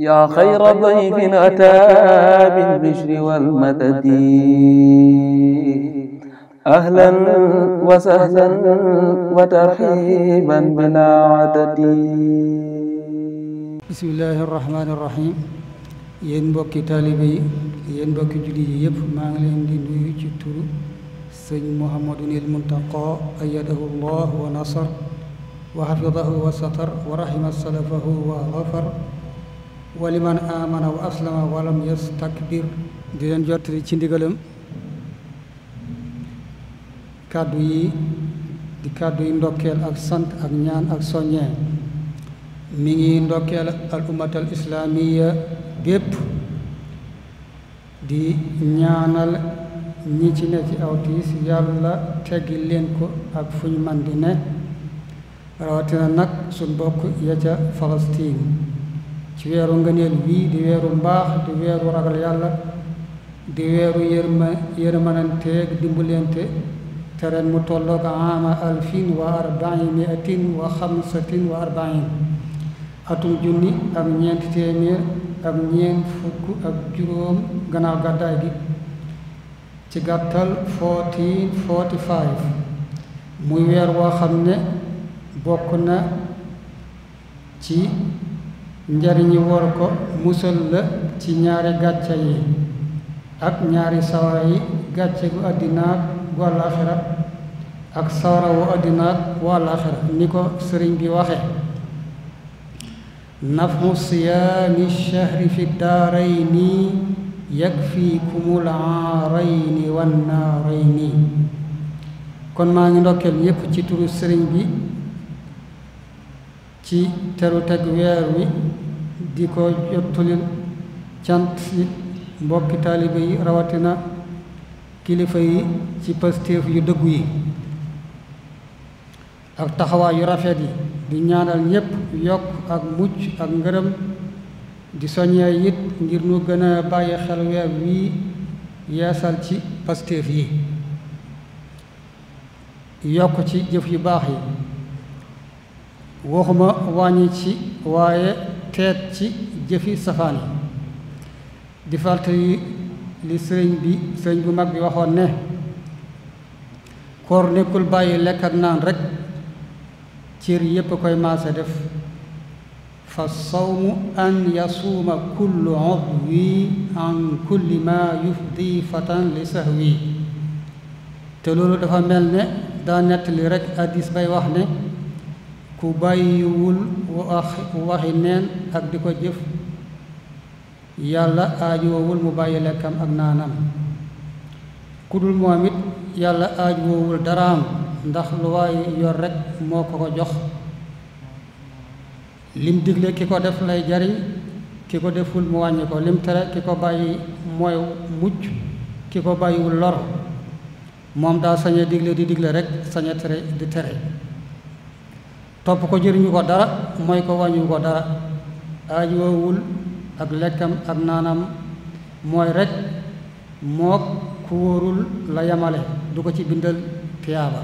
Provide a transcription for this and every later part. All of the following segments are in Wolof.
yaa xayra dayfin ataa bil bishri wal madadi ahlan wa sahlan wa tarhiiban bilaa adadi. bismillaahi rahmaani rahiim. yéen mbokki taalibe yi yéen mbokki jullit yi yëpp maa ngi leen di nuyu ci turu sëñ Muhammadun il Muntaqa ayyadahu llaah wa nasar wa hafidahu wa satar wa rahima salafahu wa xafar waliman amana wa aslama walam yastakbir di leen jottali ci ndigalam kàddu yi di kàddu yi ndokkeel ak sant ak ñaan ak soññee mi ngi ndokkeel al ummat al islaamiya gépp di ñaanal ñi ci ne ci aw tiis yàlla teggi leen ko ak fu ñu man di ne rawatina nag su bokk ya ca Falastiin ci weeru ngëneel bii di weeru mbaax di weeru ragal yàlla di weeru yërma yërmananteeg dimbalante te mu tolloog ama alfin wa arbain miatin wa xamsatin wa arbain atum junni ak ñeent téeméer ak ñeent fukk ak juróom gannaaw gàddaay gi ci gàttal fourteen forty five muy weer woo xam ne bokk na ci yi war ko musal la ci ñaari gàcce yi ak ñaari sawara yi gàcce gu àddinaak gu àllaaxira ak sawara wu àddinaak wu àllaaxira ni ko sëriñ bi waxe nafmu siyaami shahri fi daarayni yakfikumul aarayni wan naarayni kon maa ngi ndokkeel yépp ci turu sëriñ bi ci teru teg weer wi di ko jottulil cant yi mbokki taalibe yi rawatina kilifa yi ci pastéef yu dëggu yi ak taxawaay yu rafet yi di ñaanal ñépp yokk ak mucc ak ngërëm di soññee it ngir ñu gën a bàyyi xel weer wii yeesal ci pasteef yi yokk ci jëf yu baax yi waxuma wàññi ci waaye teet ci jëfi safaan yi di falte yi li sëriñ bi sëriñ bu mag bi waxoon ne koor nekkul bàyyi lekkat naan rekk cër yépp koy maase def fa sawmu an yasuuma kullu udwi an kulli ma yufdi fatan li sahwi te loolu dafa mel ne daa nettali rekk hadiis bay wax ne ku bàyyiwul wax waxi neen ak di ko jëf yàlla aajuwowul mu bàyyi lekkam ak naanam ku dul moom it yàlla aajuwowul daraam ndax lu waay yor rekk moo ko ko jox lim digle ki ko def lay jariñ ki ko deful mu wàññi ko lim tere ki ko bàyyi mooy mucc ki ko bàyyiwul lor moom daa sañe digle di digle rekk saña tere di tere topp ko jëriñu ko dara mooy ko wàññu ko dara aajoowul ak lekkam ak naanam mooy rekk mook ku la yamale du ko ci bindal tiyaaba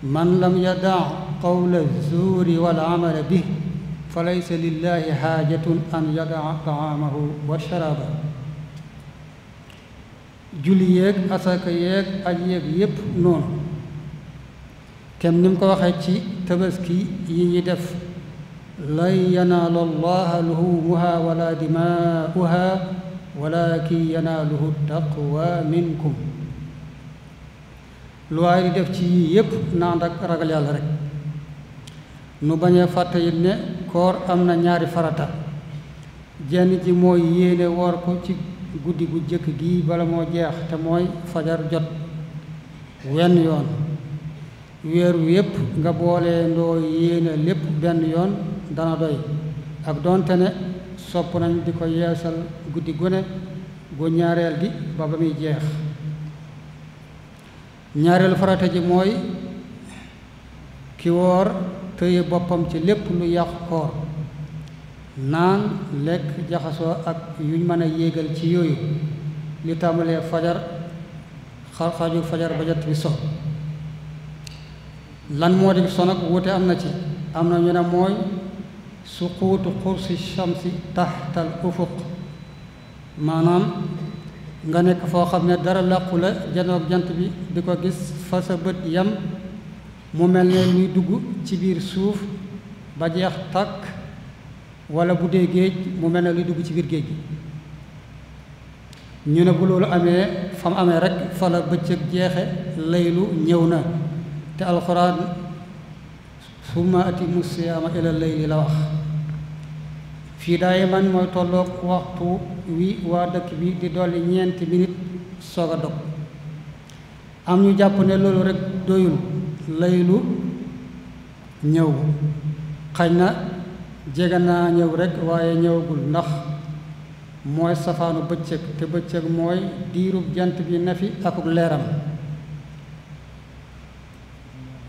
man lam yadaa qawla zuuri wal amala bi fa laysa lillahi xaajatun an yadaa taamahu wa sharaaba julli yéeg asaka yéeg aj yépp noonu kem ni mu ko waxee ci tabaski yi ñuy def lan yanaala allaha luhumuha wala dimaa'uha walakin yanaaluhu taqwa minkum lu waaye di def ci yii yépp na ànd ak ragal yàlla nu bañee fàtte it ne koor am na ñaari farata jenn ji mooy yéene woor ko ci guddi gu jëkk gi bala moo jeex te mooy fajar jot wenn yoon weer wi yépp nga boole ndoo yéene lépp benn yoon dana doy ak donte ne sopp nañ di ko yeesal guddi gune gu ñaareel gi ba ba muy jeex ñaareelu farata ji mooy ki woor tëye boppam ci lépp lu yàqu koor naan lekk jaxasoo ak yuñ mën a yéegal ci yooyu li tàmbalee fajar xar fajar ba jot so lan moo di son ak am na ci am na ñu ne mooy suquutu si shamsi taxtal ufuq maanaam nga nekk foo xam ne dara làqu la janoog jant bi di ko gis fa sa bët yam mu mel ne luy dugg ci biir suuf ba jeex tàkk walla bu dee géej mu mel ne luy dugg ci biir géej gi ñu ne bu loolu amee fa mu amee rek fa la bëccëg jeexe laylu ñëw na te alxuraan summa atimu siyaama ila layli la wax fii daay man mooy tolloog waxtu wi waa dëkk bi di dolli ñeenti minit soog a dog am ñu jàpp ne loolu rekk doyul laylu ñëw xañ na jege naa ñëw rekk waaye ñëwagul ndax mooy safaanu bëccëg te bëccëg mooy diirub jant bi na fi akuk leeram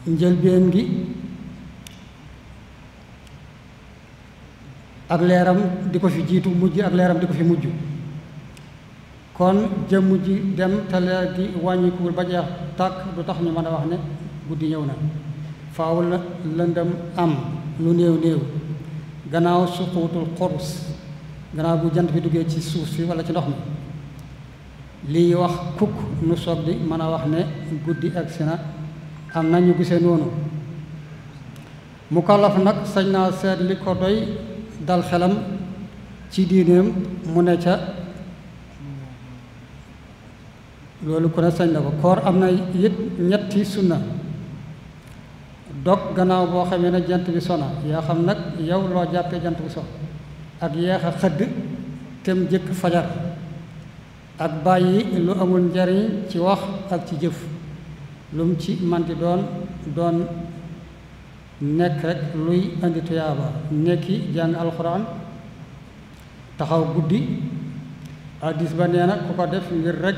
njëlbeen gi ak leeram di ko fi jiitu mujj ak leeram di ko fi mujj kon jëmm ji dem te leer gi wàññikuwul ba jeex tàkk du tax ñu mën a wax ne guddi ñëw na faaw la lëndëm am lu néew néew gannaaw suquutul xurs gannaaw bu jant bi duggee ci suuf si walla ci ndox mi lii wax kukk nu soog di mën a wax ne guddi agsi na am na ñu gisee noonu mukallaf nag sañ naa seet li ko doy dal xelam ci diineem mu ne ca loolu ku ne sañ na ko koor am na yit ñetti sunna dog gannaaw boo xamee ne jant bi sona yaa xam nag yow loo jàppee jant bi so ak yeex a xëdd tem jëkk fajar ak bàyyi lu amul njariñ ci wax ak ci jëf lum ci man di doon doon nekk rek luy indi tuyaaba nekki jàng alxuraan taxaw guddi addis ba nee na ku ko def ngir rekk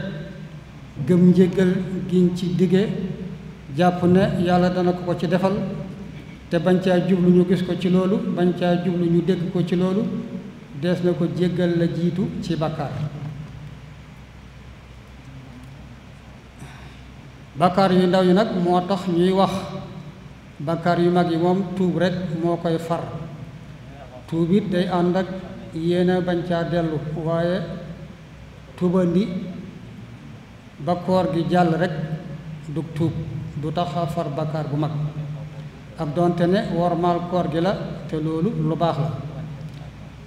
gëm njéggal gi ci digge jàpp ne yàlla dana ko ko ci defal te bañ caa jublu ñu gis ko ci loolu bañ caa jublu ñu dégg ko ci loolu des na ko jéggal la jiitu ci bàkkaar bakkaar yu ndaw yi nag moo tax ñuy wax bakkaar yu mag yi moom tuub rek moo koy far tuub it day ànd ak yéena bañ caa dellu waaye tuubandi ba koor gi jàll rek du tuub du tax a far bakkaar bu mag ak doonte ne wormaal koor gi la te loolu lu baax la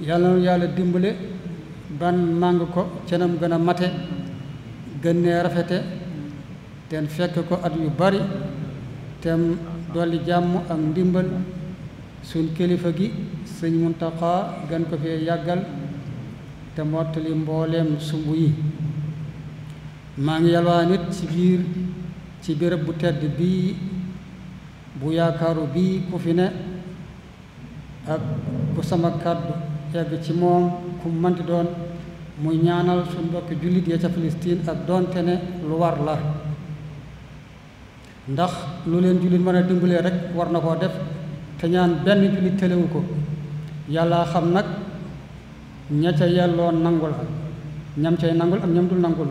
yàlla na yàlla dimbale ban màng ko cenam gën mate gën nee rafete ten fekk ko at yu bari tem dolli jàmm ak ndimbal suñ kilifa gi sëñ Muntaxa gan ko fi yàggal te mottali mbooleem sumb yi maa ngi yalwaan it ci biir ci béréb bu tedd bii bu yaakaaru bii ku fi ne ak ku sama kàddu egg ci moom ku manti doon muy ñaanal suñ mbokki jullit ya ca Palestine ak doonte ne lu war la ndax lu leen jullit mën a dimbalee rek war na koo def te ñaan benn jullit télewu ko yàlla xam nag ña ca yelloo nangul ak ñam cay nangul ak ñam dul nangul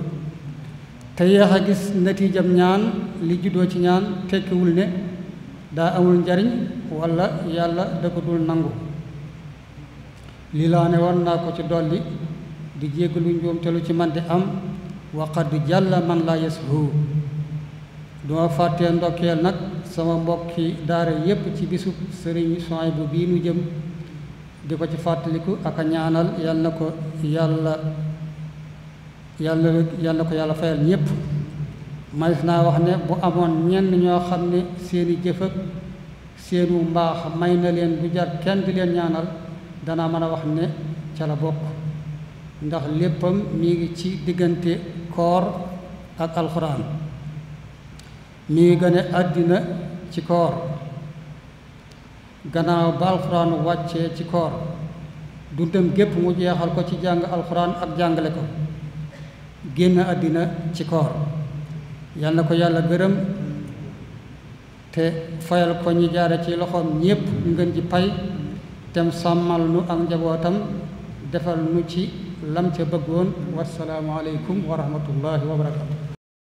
te yéex a gis natiijam ñaan li juddoo ci ñaan tekkiwul ne daa amul njariñ walla yàlla da nangu lii laa ne war naa ko ci dolli di jéggalu njuumte lu ci man di am waqad jàlla man laa yashu duma fàttee ndokkeel nag sama mbokki daara yépp ci bisub sëriñ Souhaïbou bii nu jëm di ko ci fàttaliku ak ñaanal yal na ko yàlla yàlla yal ko yàlla fayal ñépp manis naa wax ne bu amoon ñenn ñoo xam ne seeni jëf ak seenu mbaax may na leen bu jar kenn di leen ñaanal danaa mën a wax ne ca la bokk ndax léppam mi ngi ci diggante koor ak alxuraan mi ngi gane àddina ci koor gannaaw ba alxuraan wàccee ci koor dundam gépp mu jeexal ko ci jàng alxuraan ak jàngale ko génn àddina ci koor yal na ko yàlla gërëm te fayal ko ñi jaare ci loxoom ñépp ñu ngeen ji pay tem sàmmal nu ak njabootam defal nu ci lam ca bëggoon wasalaamu aleykum wa rahmatullahi wa barakatu